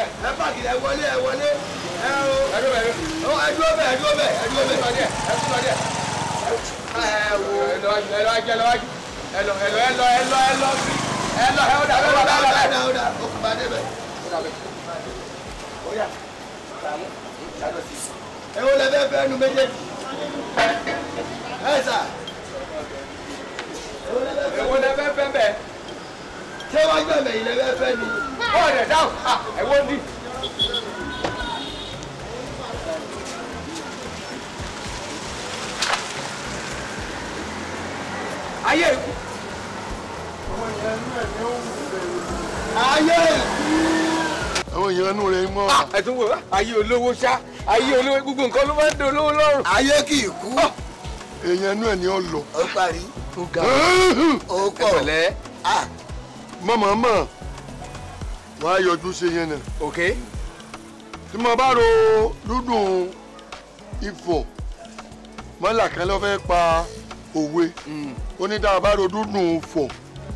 bẹ̀ ẹ pàkì ẹ wọlé ẹ wọlé ẹ o ẹ dúró bẹ̀ ẹ dúró bẹ̀ ẹ dúró bẹ̀ ẹ dúró bẹ̀ ẹ dúró bẹ̀ ẹ wo ẹ lọ ẹ lọ ẹ lọ ẹ lọ ẹ lọ ẹ lọ ẹ lọ ẹ lọ sí ẹ lọ ẹ ọ̀dà ọ̀dà ọ̀dà ọ̀dà ọ̀dà ọ̀dà ó kù bá débẹ̀. ẹ wo lẹ fẹ́ fẹ́ nu méjèèjì ẹ sà ẹ wo lẹ fẹ́ fẹ́ bẹ̀ ṣé wọ́n gbẹ̀mẹ̀ yìí lẹ fẹ́ fẹ́ ni ọ̀rẹ́ dáhùn ẹ̀wọ́n dì. ayé ikú. ayé ikú. àwọn èèyàn inú rẹ̀ mọ́. Ah, ẹ̀tún wo ah, ayé olówó ṣá ayé olówó gbogbo nǹkan ló máa ń dán olówó lọ́rùn. ayé kì í kú. Ah. èèyàn inú ẹ̀ ni ó lọ. ó parí ó ga ó pọ̀. ẹ pẹ̀lẹ́ wàá yọjú ṣe yẹn náà. ok. tí mo bá ro dúdùn ifọ̀ mọ́là kan ló fẹ́ pa òwe mm. ó ní dáa bá ro dúdùn fọ̀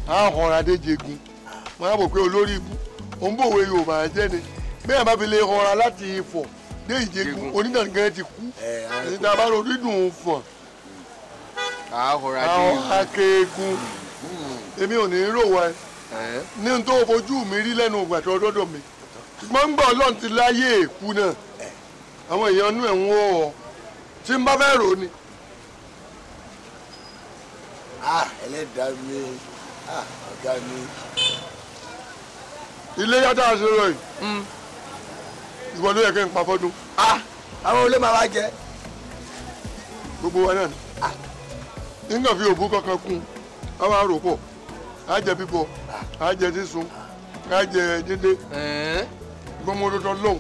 á hànra déjegun mo á bò pé olórí ibú òun bòwe Yorùbá jẹ́ ni bẹ́ẹ̀ bá fi lè hànra láti ifọ̀ dé ìjegun onídàgán ti kú ní dáa bá ro dúdùn fọ̀ á hànra déjegun èmi ò ní í rò wá ní n tó fojú mi rí lẹ́nu ògbà tó dọ́dọ̀ mi ṣùgbọ́n ń gbọ́ ọlọ́run ti láyé èkú náà àwọn èèyàn inú ẹ̀ ń wọ́ ọ tí n bá fẹ́ rò ni. Ah, ẹlẹ́dàá mi ah, ọ̀gá mi. ilé yàtọ̀ àṣeyọrọ yìí mm. ìwọ ló yẹ kí n pa fọ́dún. Ah, àwọn olè máa wá jẹ. gbogbo wa náà ni. nígbà fi òbú kankan kún un a máa rò pọ̀ a jẹ bíbọ̀ a jẹ sísun a jẹ dídé gbọmọdé tó lóhùn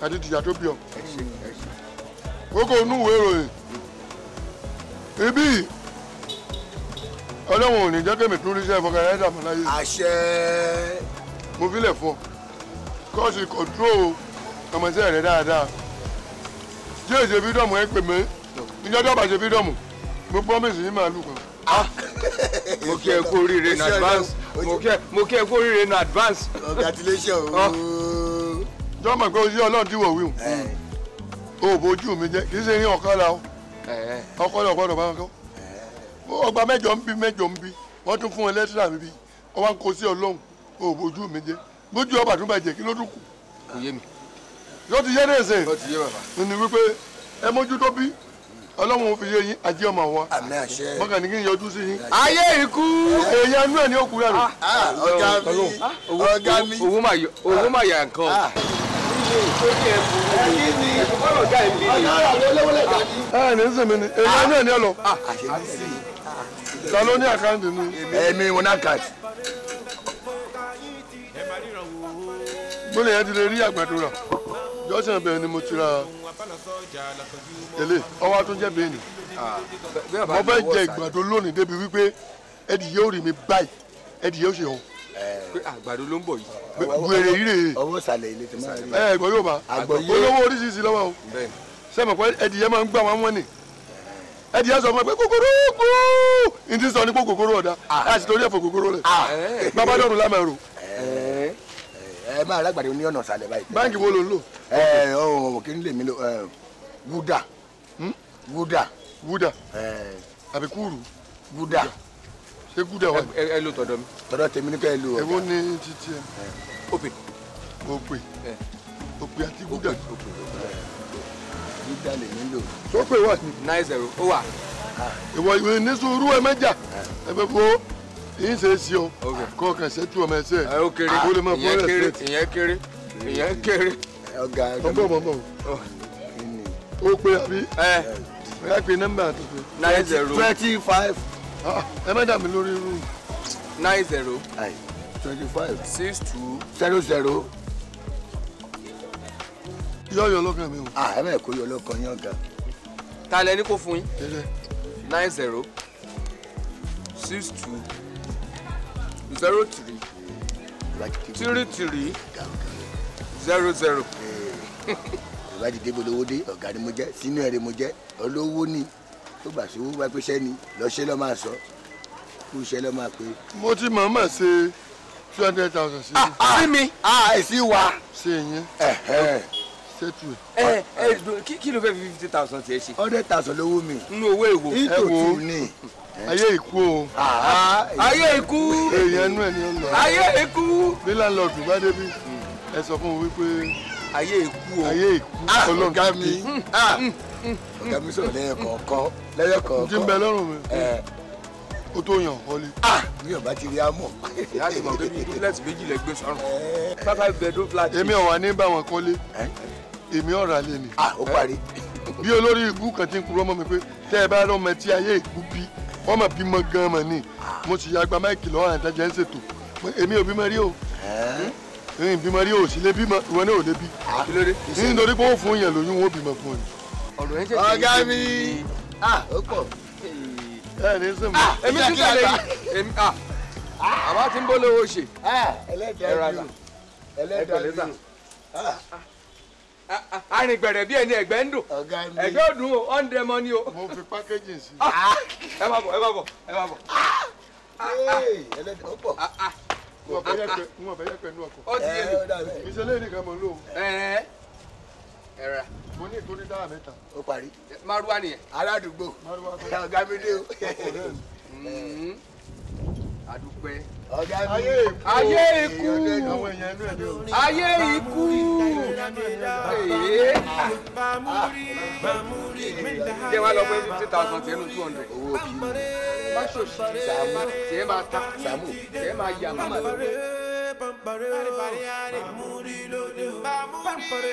àti tìjà tó bí ọ. kókó inú ìwé ìròyìn ibi ọlọ́run ò ní jẹ́ kẹ́mi tún ríṣẹ́ fọkànláyà mọ́ láyé. àṣẹ. mo filẹ̀ fọ kọ́ọ̀sì kọ̀tró ọmọọṣẹ́ rẹ̀ dáadáa tí èsè fídọ̀mù ẹ pè mí níjọ́ tó bá ṣe fídọ̀mù mo promise yín màálù kan. Ah. mo kí ẹ kú oríire in advance mo kí ẹ kó rire nu advance. congratulations ooo. Ah. jọ́ mọ̀ pé ojú ọlọ́run ti wò wíwù o bójú mi jẹ kì í ṣe ní ọ̀kan la o ọkọ lọ gbọ́dọ̀ bá wọn kọ ọgbà mẹ́jọ ń bí mẹ́jọ ń bí wọn tún fún ẹ lẹ́tírà mi bí wọn wá ń kó sí ọlọ́run o bójú mi jẹ bójú ọba tún bàjẹ́ kí ló dún kù. kò yé mi. yóò ti yé ní ẹsẹ̀. yóò ti yé bàbá. nínú wípé ẹ mójútó bí ọlọ́run ò fi yé yín àjẹ́ ọmọ wa mọ́kàn ní kí n yọjú sí yín. ayé ikú. èèyàn inú ẹ̀ ni ó kú rẹ̀. Ah, ah, ọ̀gá mi ọ̀gá mi. Ah, owó máa yà nǹkan. ẹ ní sinmi ni èèyàn inú ẹ̀ ni ẹ lọ. ta ló ní àkáǹtì ni. èmi wọn náà kàtì. gbọ́dọ̀ yẹn ti lè rí àgbàdo rà. jọ́sìn bẹ́ẹ̀ ni mo ti ra tẹ̀lé ọwọ́ àtúnjẹ bẹ́ẹ̀ ni ah, mo jẹ ìgbàdo lónìí débi wípé ẹ̀dì yóò rí mi báyìí ẹ̀dì yóò ṣe hàn. Eh, àgbàdo ló ń bọ̀ yìí. wèrè yìí rí. ẹ eh, ẹ̀gbọ́n yóò bá olówó oríṣiríṣi lọ́wọ́ o sẹ́mi pé ẹ̀dì yẹn máa ń gbà wọ́n ẹ̀dì yẹn sọ fún mi pé kòkòrò kú ti sọ ní kòkòrò ọ̀dà ah. láti torí kòkòrò rẹ̀ ah. bàbá dọ̀rùn ẹ máa rágbàdo ní ọ̀nà ìsàlẹ̀ báyìí. báńkì wo ló ń lò. ẹ ẹ ọ̀hún kí n lè mi lò wúdà wúdà. wúdà àbí kúrú. wúdà. ṣé wúdà wà. ẹ lo tọ̀dọ̀ mi. tọ̀dọ̀ tèmi ní ká ẹ lo ọ̀dà. èwo ni títí ẹ. òpè. òpè òpè àti wúdà. wúdà lè mi lò. sọ pé wà. nine zero ó wà. ìwọ ìwé ní sùúrù ẹ mẹ́jà ẹ fẹ́ fọ́ yín ṣe é sí o kọ́ kàn ṣẹ́tù ọmọ ẹsẹ̀ ó lè máa fọ́ ẹ̀sẹ̀ ìyẹn kéré ìyẹn kéré. ọgá ọgá mi ọgbọ́n mọ̀ oh. ó pé àbí ẹ pé nọ́mbà tuntun. nine zero twenty five. Ah, ẹ má dà mí lórí irú. nine zero. twenty five. six two. zero zero. yọ yọ lọ́kàn mi o. Ah, ẹ bẹ́ẹ̀ kó yọ lọ́kàn yín ọ̀gá. ta lẹ ní kó fún yín. nine zero six two zero three three three zero zero. ìwà dìde bolówó dé ọ̀gá ni mo jẹ́ sínú ẹ̀rẹ̀ mo jẹ́ olówó ni tó gbà sówó wá pé sẹ́ni lọ́ṣẹ́ lọ́ máa sọ kú iṣẹ́ lọ́ máa pé. mo ti mọ̀ mọ̀ ṣe two hundred thousand sí mi. Ah, ah, sí mi. àìsí ah, wa. ṣe yẹn ṣètù ẹ. ẹ kí kí ló fẹ́ fi fifty thousand ṣe. hundred thousand lówó mi. nínú owó èwo. ìtòtù ni ayé ikú o. ayé ikú. èèyàn inú ẹ ni ó lọ. ayé ikú. bí láńlọ́ọ̀dù bá débi ẹ sọ fún mi wípé. ayé ikú o. ayé ikú ah, ọlọ́gá mi. Ah, mm, mm. ọ̀gá mi sọ̀rọ̀ lẹ́yọ̀kọ̀ọ̀kan lẹ́yọ̀kọ̀ọ̀kan. jí ń bẹ lọ́rùn mi o tó yàn kọ́lé. mi ò bá ti rí amọ̀. ìyá ti mọ̀ pé bíi dúplex méjì lẹ gbé sọ́run. pápá bẹ̀dọ̀ flat. èmi ọ̀wà ní bá wọn kọ́lé èmi ọ̀rà lè ní. Ah, ó parí. bí olórí ibú kan ti ń purọ́ mọ́ mi pé tẹ́ ẹ bá rán ọmọ tí ayé ìkú bí wọ́n mọ̀ bímọ gan-an mọ̀ ni ah. mo sì yàgbá máìkì lọ́wọ́ àwọn ìtajà ń ṣètò èmi ò bímọ rí o ẹ̀yin bímọ rí o sì lè bímọ ìwọ náà ò lè bí ah, nítorí pé ó fún yẹn lóyún wọn ò bímọ fún ọ ọ̀gá mi ó pọ̀ ẹ eh, ní sùn mọ́. Ah, èmi ti tẹ̀lé yìí ah, àwa ti ń bólówó ṣe. Ah, ẹlẹ́dàá yìí ẹlẹ́dàá yìí arìngbẹ̀rẹ̀ bíi ẹni ẹ̀gbẹ́ ń dùn ẹ̀gbẹ́ ò dùn o ọ̀ndẹ̀ mọ́ ni o. mo fi pákéjì sí. ẹ má bọ̀ ẹ má bọ̀ ẹ má bọ̀. ẹlẹ́dàá ó bọ̀ n ò bẹ́yẹ̀ pẹ̀lú ọkọ̀. ó ti yé mi. ìṣẹ̀lẹ̀ nìkan mọ̀ ló ẹ̀rà. mo ní ìtòní dára mẹ́ta. ó parí. márúwá nìyẹn. aládùúgbò ọ̀gá mi dé o. àdúpẹ́. ọ̀gá mi ayé ikú ayé ikú ee jẹ́ wá lọ pé fifty thousand tẹ́ two hundred. owó kì í má ṣòṣì sàmù tẹ́ máa ta sàmù tẹ́ máa yà má má lọ. Bambare, bambare,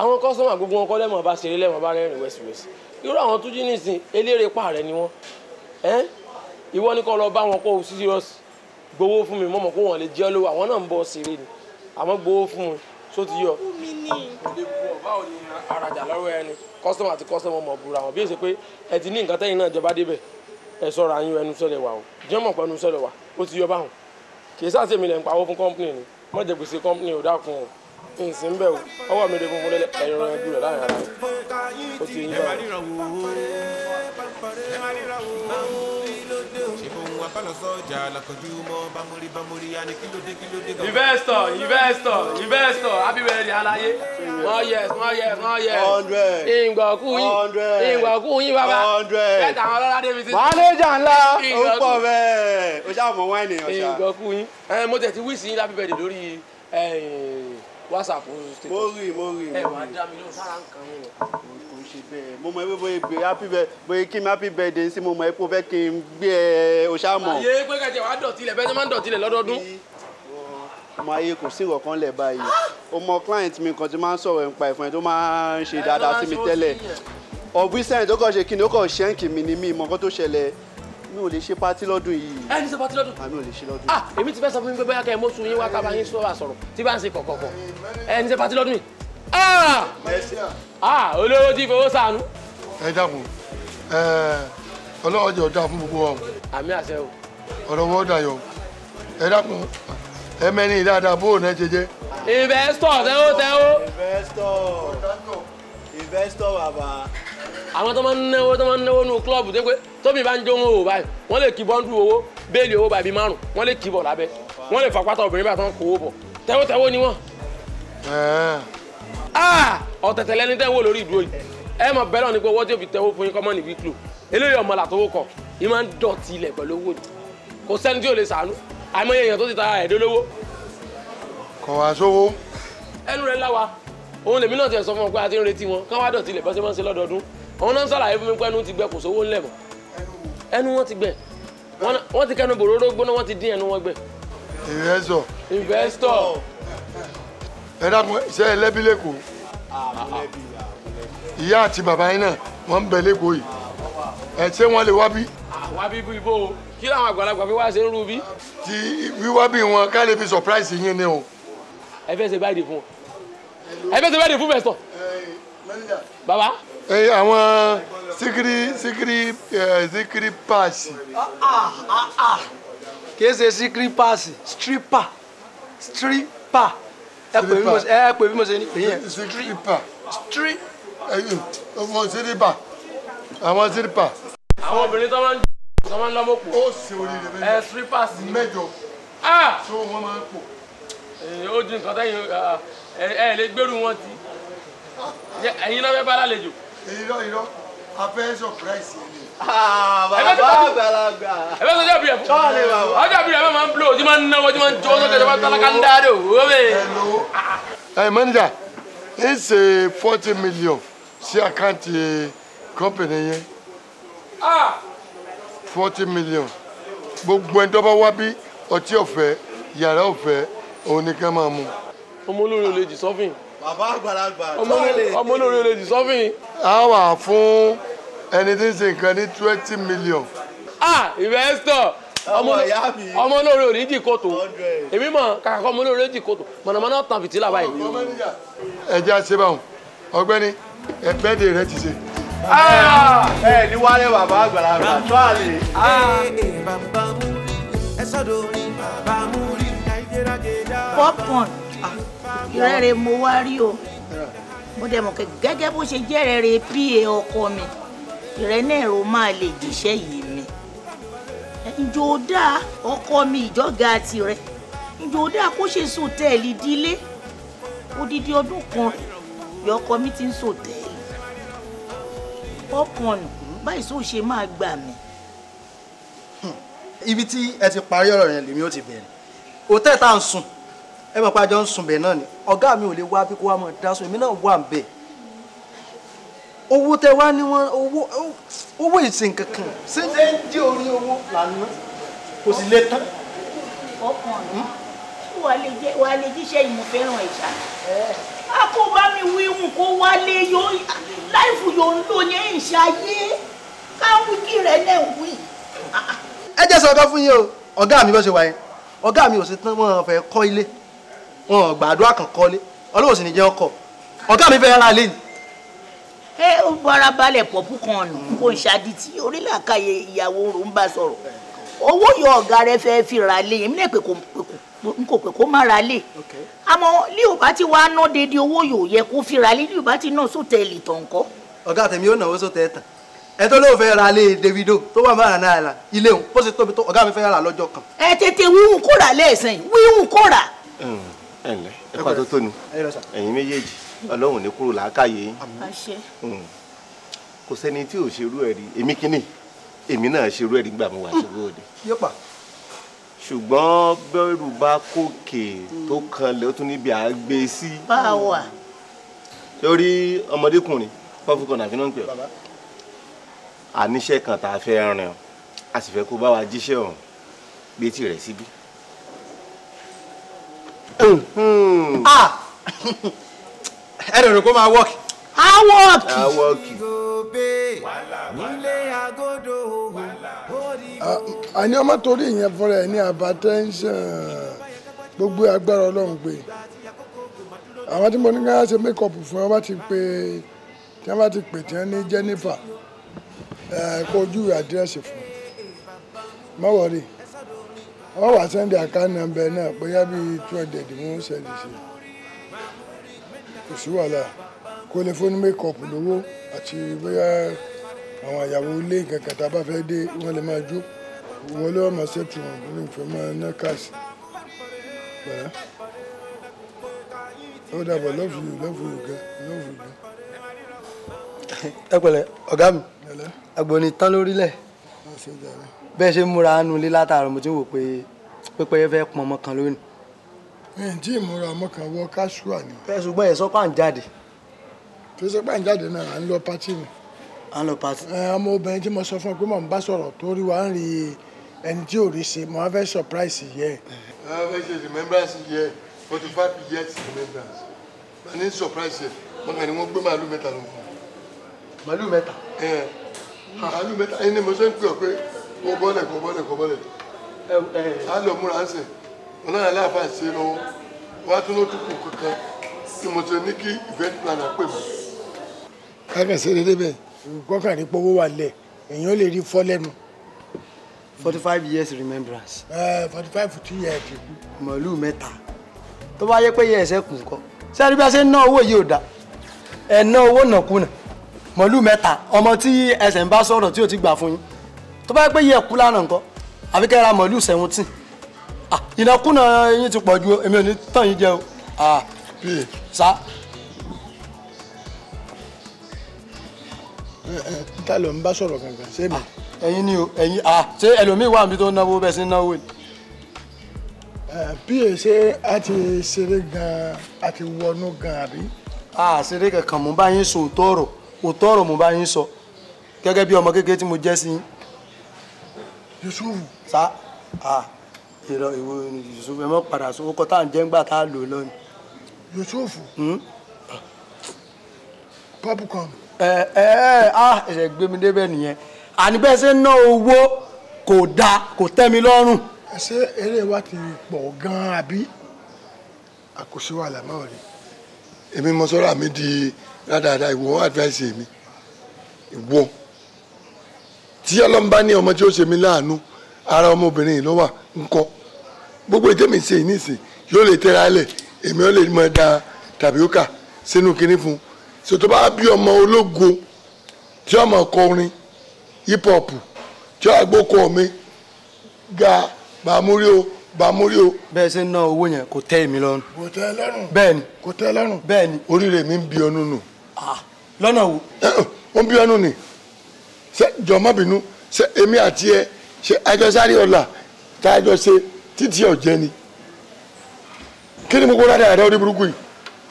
àwọn kọ́sọ́mà gbogbo wọn kọ́ lẹ́mọ̀ bá ṣeré lẹ́mọ̀ bá rẹ́rìn wẹ́sìwẹ́sì irú àwọn tó jí nìsín eléré pa rẹ ni wọn ìwọ ní kọ́ lọ bá wọn kó o serious gbowó fún mi mọ̀mọ́ kó wọn lè jẹ́ lówó àwọn náà ń bọ̀ ṣeré ni àmọ́ gbowó fún mi só ti yọ. báwo ni arajà lọ́wọ́ ẹni kọ́sọ́mà àti kọ́sọ́mà mọ̀ búra wọn bí èsì pé ẹ ti ní nǹkan tẹ́yìn náà jọba débẹ̀ ẹ sọ̀rọ̀ àyín ẹnu sọ̀lẹ̀ wà o jẹ́ mọ̀ pẹ́nu sọ̀lẹ̀ wà ó ti yọ báwọn kì í sáà sèmi lẹ̀ ń pawó fún kọ́ńpìnì ni mọ̀jẹ̀gbèsè kọ́ńpìnì ò dákun o nsì ń bẹ̀ wò ọwọ́ mi lè funfun lẹ́lẹ̀ ẹ̀yọ̀ rẹ̀ dúró láàrin ara rẹ̀ ó ti yín báyìí. investor investor investor abibẹ̀rẹ̀ alaye wọ́n yẹ wọ́n yẹ wọ́n yẹ ìgbọ̀kú yín ìgbọ̀kú yín bàbá kẹta àwọn ọlọ́lá débi sí. mànéjà ńlá ó pọ̀ bẹ́ẹ̀ o ṣáà mọ̀ wáìnì ọ̀ṣà. ìgbọ̀kú yín mo tẹ̀ ti wíìsì yín lábíbẹ̀rẹ̀ lórí whatsapp ń ṣe. mo rí mo rí ẹ wàá dá mi lóhùn sára nǹkan mi mo mọ ewé bóyá bẹ happy bẹ bóyá kí mi happy birthday sí mo mọ epo fẹ́ kí n gbé ẹ oṣàmọ̀. àyè pé kẹ̀kẹ́ wàá dọ̀tí bẹ́ẹ̀ ni máa ń dọ̀tí lọ́dọọdún. ọmọ ayé kò sí ìrọ̀kan lẹ̀ báyìí o client mi kan ti máa ń sọ̀rọ̀ nípa ìfọ̀n tó máa ń ṣe dáadáa sí mi tẹ́lẹ̀ ọ̀bísẹ́yìn tó kàn ṣe kí ni ó kàn ṣẹ́ǹkì mi ni mí mọ nǹkan tó ṣẹlẹ̀ mi ò lè ṣe pátí lọ́dún yìí. ẹ ní ṣe pátí lọ́dún. àmì ò lè ṣe lọ́dún. ah èmi ti fẹ́ sọ fún mi pé bóyá kẹ́ ẹ mọ́tò yín wá kábàá yín sọ́wọ́ àsọ̀rọ̀ tí bá ń ṣe kọ̀kọ̀kọ̀ ẹ ní ṣe pátí lọ́dún yìí. ah, ah olówó ti fowó sànú. ẹ dákun ẹ ọlọ́wọ́ jẹ́ ọ̀dà fún gbogbo wa o. àmì àṣẹ o. ọ̀rọ̀ wọ́n dayọ̀ ẹ dákun ẹ mẹ́ni dáadáa bóun náà ṣe jẹ́. investor tẹ́wó tẹ́wó. investor investor tóbi bá ń jó owó báyìí wọ́n lè kí bọ́ńdù owó béèlì owó bàbí márùn wọ́n lè kí bọ̀ lábẹ́ wọ́n lè fapá tọ obìnrin bá tán kó owó bọ̀ tẹ́wọ́tẹ́wọ́ ni wọ́n. Ah! ọ̀tẹ̀tẹ̀ lẹni tẹ́ ń wò lórí ìdúró yìí ẹ mọ̀ bẹ́ẹ̀ lọ́ni pé owó tí o fi tẹ́wọ́ fún yín kọ́ mọ́ ní wíkìlò eléyìí ọmọ làtọwọ́ kọ yín máa ń dọ̀tí ilẹ̀ pẹ̀lú owó ni kò sẹ́ni tí ò lè sàánú àmọ́ ẹnu wọn ti gbẹ wọn ti kẹnu bòróró gbóná wọn ti dín ẹnu wọn gbẹ. investor. investor. ẹ dákun ṣe é lẹ́bí lẹ́kọ̀ọ́ ìyá àti bàbá yín náà wọ́n ń bẹ lẹ́kọ̀ọ́ yìí ẹ ṣé wọ́n lè wá bí. wá bí ibo kí làwọn àgbàlagbà fi wá ṣe ń rú bí. ti wíwá bí wọn ká lè fi surprise yín ni o. ẹ fẹ́ ṣe báyìí fún ẹ fẹ́ ṣe báyìí fún investor. bàbá. ẹ àwọn sikiri sikiri ah, ah, paasi. kìí ṣe sikiri paasi stripper stripper ẹ pè bí mo ṣe ẹ pè bí mo ṣe ní. stripper stripper. ẹyìn ọmọ sírípà àwọn sírípà. àwọn obìnrin tó máa ń jẹ́ tó máa ń lọ́mọ́ pò. ó ṣe oríire mẹ́jọ ẹ stripper sí. mẹ́jọ ah! tó wọ́n máa ń pò. Eh, ó ju nǹkan tẹ́yìn ah, ah, ẹ ẹ lè gbèrú wọn ti ẹ̀yin náà fẹ́ bá lálejò. irọ́ irọ́ afẹ́ ah, surprise manager ń ṣe forty million sí àkáǹtì eh, company yẹn ah! forty million gbogbo ẹni tó bá wá bí ọtí ọ̀fẹ́ yàrá ọ̀fẹ́ òun ni ká máa mú. ọmọ olórí olè jì sọ́fìn bàbá àgbàlagbà ọmọ olórí olè sọfìn. a wà fún ẹni tí ń ṣe nǹkan ní twenty million. ah investor ọmọ olórí ò ní jì kóòtù èmi mọ kàkà kọ ọmọ olórí ò ní jì kóòtù mọ̀nàmọ́ná tàn fìtílà báyìí. ẹ jẹ́ àṣebáhùn ọ̀gbẹ́ni ẹ bẹ́ẹ̀ de rẹ ti ṣe ẹ ní wálé bàbá àgbàlagbà tó àlè. bàbá mú rí ẹ sọ́dọ̀ orin bàbá mú rí nàìjíríà jẹ̀dá. popcorn ah ìrẹ́rẹ́ mo wá rí o mo dẹ̀ mọ̀ kẹ́ gẹ́gẹ́ bó ṣe jẹ́ ìrẹ́rẹ́ pa ọkọ mi ìrẹ́ náà ro máa lè jíṣẹ́ yìí mi ìjọ dáa ọkọ mi ìjọga tirẹ̀ ìjọ dáa kó ṣe sòtẹ́ẹ̀lì dílé odidi ọdún kan rẹ̀ ọkọ mi ti ń sòtẹ́ẹ̀lì ọkàn nù báyìí sóò ṣe máa gbà mí. Hmm. ibi tí ẹ ti parí ọ̀rọ̀ yẹn lèmi ò ti bẹ̀rẹ̀ òtẹ́ẹ̀ tá à ń sùn ẹ mọ̀ pé àjọ ń sùn bẹ̀ náà ni ọ̀gá mi ò lè wá bí kó wá mọ̀ dá sùn èmi náà wà ń bẹ̀ owó tẹ wá ní wọn owó owó ìsìn kankan ṣé ń dí orí owó lànà kò sì lè tán. ọkàn mi wàlẹ̀ jíṣẹ́ yìí ẹ̀ṣá a kò bá mi wíwùn kó wálé yóò láìfù yóò ń lò yẹn ìṣayé káwíkì rẹ̀ náà wí. ẹ jẹ́ sọ fún yín o ọ̀gá mi bá ṣe wáyé ọ̀gá mi ò sì tán wọ́n fẹ́ kọ́ ilé. wọn ò gbàdúrà kan ní jẹ́ ọkọ̀ ọ̀gá mi fẹ́ ra lé ẹ ó bọ́ra balẹ̀ pọ̀pù kan kó n orílẹ̀-àkàyè ìyàwó rò bá sọ̀rọ̀ owó yọ ọ̀gá rẹ fẹ́ fi ra n kò kó má ra yẹ kó fi ra ti ná ọ̀gá yóò ẹ tó lóò fẹ́ Davido tó wà máa ilé òun tóbi kan. ẹ tètè kóra kóra. ẹ ǹlẹ́ ẹ kó àtótó ni ẹ̀yin méjèèjì ọlọ́run ní kúrò làákàyè yín hmm. kò sẹ́ni tí ò ṣerú ẹ̀ rí èmi kínní èmi náà ṣerú ẹ̀ rí gbà mo wà ṣerú òde ṣùgbọ́n bẹ́rù bá kòkè tó kanlẹ̀ ó tún níbi à ń gbé sí. báwo à. torí ọmọdékùnrin pọ́fúkọ̀nà àfi náà ń pè ọ́ àníṣe kan tá a fẹ́ rìn ọ́ a sì fẹ́ kó bá wa jíṣẹ́ ọ̀hún gbé tirẹ̀ síbí. Hmm. Ah. ẹ dọ̀dọ̀ kó máa wọ́ọ̀kì. a work. a work. àní ọmọ torí ìyẹn fúnra ẹ ní hypertension gbogbo agbára ọlọ́run pé àwọn tí mo ní ká ṣe makeup fún ọ bá ti pè tí wọ́n bá ti pè tí wọ́n ní Jennifer kó ojú àdírẹ́sì fún mọ́wọ́ rí wọ́n wà sẹ́ndì account number náà bóyá bíi two hundred mú sẹ́ndì sí kò sí wàhálà kó lè fóònù mékọ̀pù lówó àti bóyá àwọn àyàwó ilé kankan tá a bá fẹ́ dé wọ́n lè máa jó wọ́n lé ọmọ sẹ́tù wọn ní ìfẹ́ máa ná káàsì bẹ̀rẹ̀ ó dàbọ̀ lọ́ọ̀fù yìí lọ́ọ̀fù yìí gẹ́ lọ́ọ̀fù yìí. ẹ pẹ̀lẹ́ ọ̀gá mi agbóni tán lórílẹ̀. ọ̀sẹ̀ jàre. bẹ́ẹ̀ ṣe ń múra nu ilé látàárọ̀ mo ti wò pé pépéyé fẹ́ pọn ọmọ kan lónìí. ẹ ǹ tí ìmúra ọmọ kan wọ káṣúà ni. bẹ́ẹ̀ ṣùgbọ́n ẹ̀ sọ́pà ń jáde. tó sọ́pà ń jáde náà à ń lọ pátì ni. à ń lọ pátì. ẹ ọmọ obìnrin tí mo sọ fún ọ pé mò ń bá sọ̀rọ̀ tó rí wa ń rí ẹni tí ò rí ṣe mo wá fẹ́ surprise yẹ. ẹ fẹ́ ṣe remembrance yẹ forty five years remembrance ma ní surprise yẹ mo kàn ní wọ́n gbé ẹ kó bọ́lẹ̀ kó bọ́lẹ̀ kó bọ́lẹ̀ á lọ múra ń sẹ̀ ọlọ́run aláàfà ṣe lọ́wọ́ wá tó ló tún kù kankan tí mo ti ní kí event planner pè mọ́. kákan ṣe déédéé bẹ́ẹ̀ kọ́kàn ní pọ́wọ́ wà lẹ̀ èèyàn lè rí fọ́ lẹ́nu. forty five years remembrance. forty five two years ti kú. màálù mẹ́ta tó bá yẹ pé yẹ ẹsẹ̀ kù kọ́ sẹ́ni bí a ṣe ń ná owó yìí ò dáa ẹ̀ ná owó nàkúnà màálù mẹ́ta ọmọ tí ẹsẹ̀ ń bá sọ̀rọ̀ tí ò ti gbà fún yín tó bá yẹ pé yẹ kú lánàá nǹkan àbí kẹ́ra mọ̀lú seventeen ah, ìnákúnà yín ti pọ̀ ju èmi ò ní tàn yín jẹ o ah, sá. ta ló ń bá sọ̀rọ̀ gangan ṣé mi. Ah, ẹ̀yin ni o ẹ̀yin ṣé ẹlòmíín wà níbi tó ń náwó bẹ́ẹ̀ sí ń náwó ni bíyè ṣe a ti ṣeré gan a ti wọnú gan àbí. a ṣeré kankan mo bá yín sọ òótọ́ ọ̀rọ̀ òótọ́ ọ̀rọ̀ mo bá yín sọ gẹ́gẹ́ bí ọmọ kékeré tí mo jẹ́ sí yín. Yusuf sa ah ìrọ ìwọ Yusuf ẹ mọ padà sọ ọkọ tá à ń jẹ ńgbà tá a lò lọ ni. Yusuf hmm? popcorn. ẹ ẹ ẹ ah ẹsẹ̀ gbé mi débẹ̀ nìyẹn àní bẹ́ẹ̀ ṣe ń ná owó kò dáa kò tẹ́ mi lọ́rùn. ẹ ṣe eré wa ti pọ̀ gan-an àbí àkóso wàhálà máa rí èmi mọ sọ́ra mi di rádaràda ìwọ advice mi ìwọ tí ọlọ́run bá ní ọmọ tí ó ṣe mí láàánú ara ọmọbìnrin yìí ló wà ń kọ́ gbogbo ìtẹ́mi ṣe yìí nìsín yóò lè tẹ́ra lẹ̀ èmi ò lè mọ da tàbíókà sínú kinní fún un sòtò bá bí ọmọ ológo tí ọmọ kọ orin hip hop tí agbókò mi ga bàmúrí o bàmúrí o. bẹ́ẹ̀ ṣe ń ná owó yẹn kò tẹ́ èmi lọ́rùn. kò tẹ́ lọ́rùn. bẹ́ẹ̀ni. kò tẹ́ lọ́rùn. bẹ́ẹ̀ni. oríire mi ń bí ọ nínú. Ah, lọ́nà wo. ó ń bí ọ nínú ṣé jọmọ bínú ṣé èmi àti ẹ ṣe àjọsáré ọ̀la tá a jọ ṣe títí ọ̀jẹ́ ni kí ni mo kó rádà rẹ orí burúkú yìí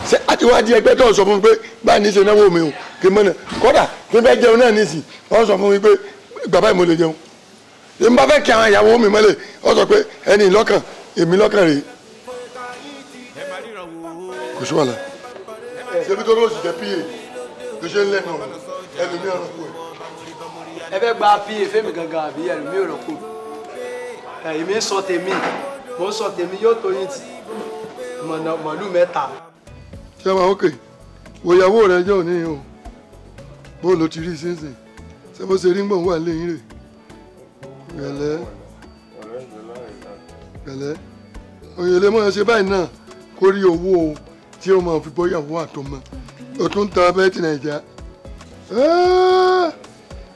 ṣé àtiwájú ẹgbẹ́ tó sọ fún mi pé báyìí ní í ṣe náwó mi o kì í mọ̀nà kódà kí n fẹ́ jẹun náà nísì wọ́n sọ fún mi pé bàbá yìí mo lè jẹun èmi bá fẹ́ kí àwọn ìyàwó mi mọ́lẹ̀ wọ́n sọ pé ẹni lọ́kàn èmi lọ́kàn rèé kò sí wàhálà ṣé bí tó lọ́ọ́ sì jẹ́ pa kò ṣe ń lẹ́nu ẹlòmíràn kú ẹ̀ ẹ fẹ́ gba pa fẹ́mi gangan àbí ẹlòmíì ò rọ́pò èmi ń sọ tèmi mò sọ tèmi yóò tó yín tì mọ̀lú mẹ́ta. ṣé wàá ókè wo ìyàwó rẹ jẹ́ òní o bó ló ti rí i sínsìn ṣé bó ṣe rí gbọ̀n wà lẹ́yìn rẹ̀ gẹ̀lẹ́ gẹ̀lẹ́ òyìnlẹ̀ mọ̀ ṣe báyìí náà kó rí owó o tí ó máa fi bọ́ ìyàwó àtọmọ ọ̀tún ta bẹ́ẹ̀tì nàìjíríà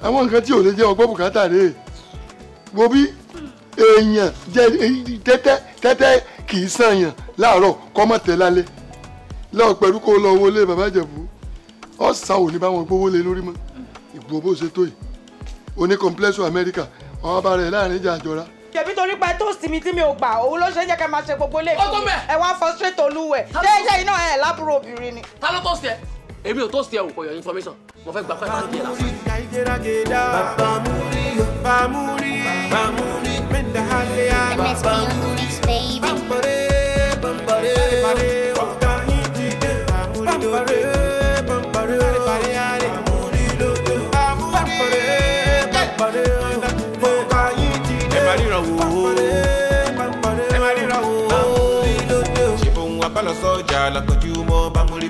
àwọn nǹkan tí ò lè jẹ́ ọgbọ́n bùkátà rè wo bí èèyàn jẹ tẹ́tẹ́ tẹ́tẹ́ kì í sànyàn láàárọ̀ kọ́mọ̀ tẹ́ lálẹ́ lọ́ọ̀ pẹ̀lú kó lọ wọlé bàbá ìjẹ̀bú ọ̀sà ò ní báwọn gbówó lé lórí mọ́ ìgbò bó ṣe tó yìí oní kọ́ńplẹ́sù amẹ́ríkà ọ̀hún bá rẹ̀ láàrin ìjà àjọra jẹbi torí pé tó sinmi tí mi ò gbà òun ló ṣe ń jẹ ká máa ṣe gbogbo lè fún mi ẹ wá fọ straight olúwẹ ṣé iṣẹ iná ẹ lábúrò obìnrin ni. ta Emi, ò tó sí ẹ for your information mo fẹ́ gba five thousand naira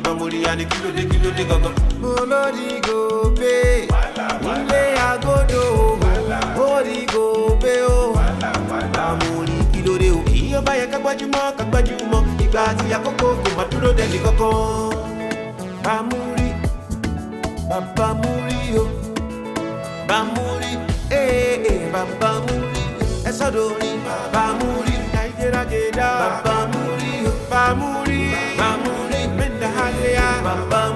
gan mo rí ani kílódé kílódé gangan. mo lórí gòbè nílé agodo orí gòbè o àmọ́ rí kílódé o kì í ọba yẹn kágbájúmọ́ kágbájúmọ́ ìgbà àti àkókò kò má dúró dẹ́ni kankan. bàmúrí bàbàmúrí o bàmúrí ee eh, eh, bàbàmúrí ẹ sọ́dọ̀ orin bàbàmúrí nàìjíríà jẹ̀dá bàbàmúrí o bàmúrí. bam bam.